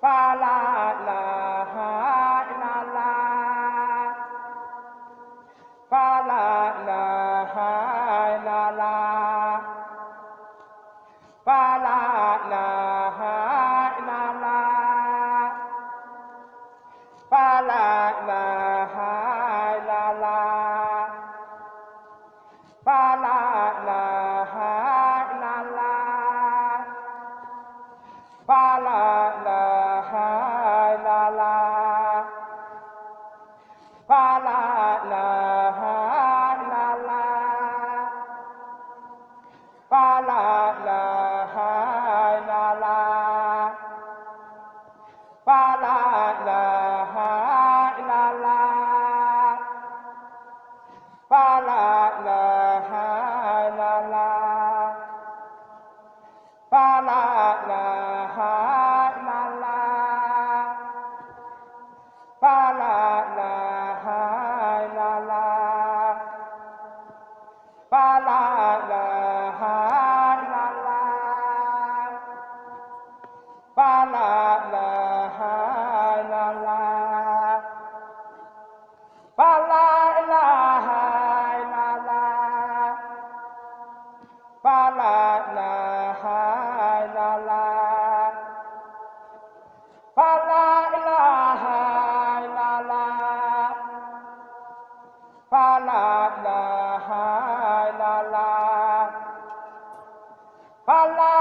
fa la la la Allah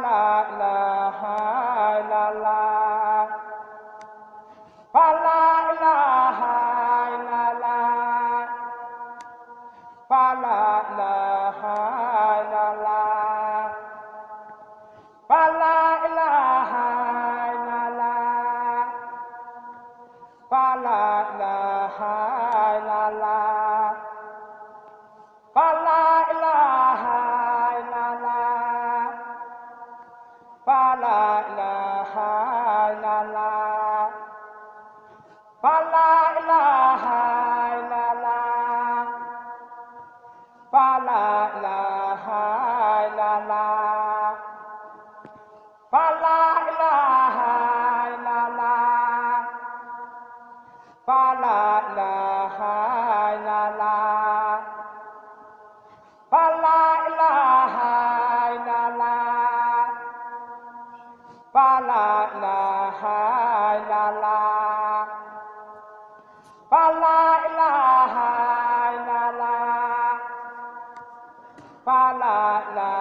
la la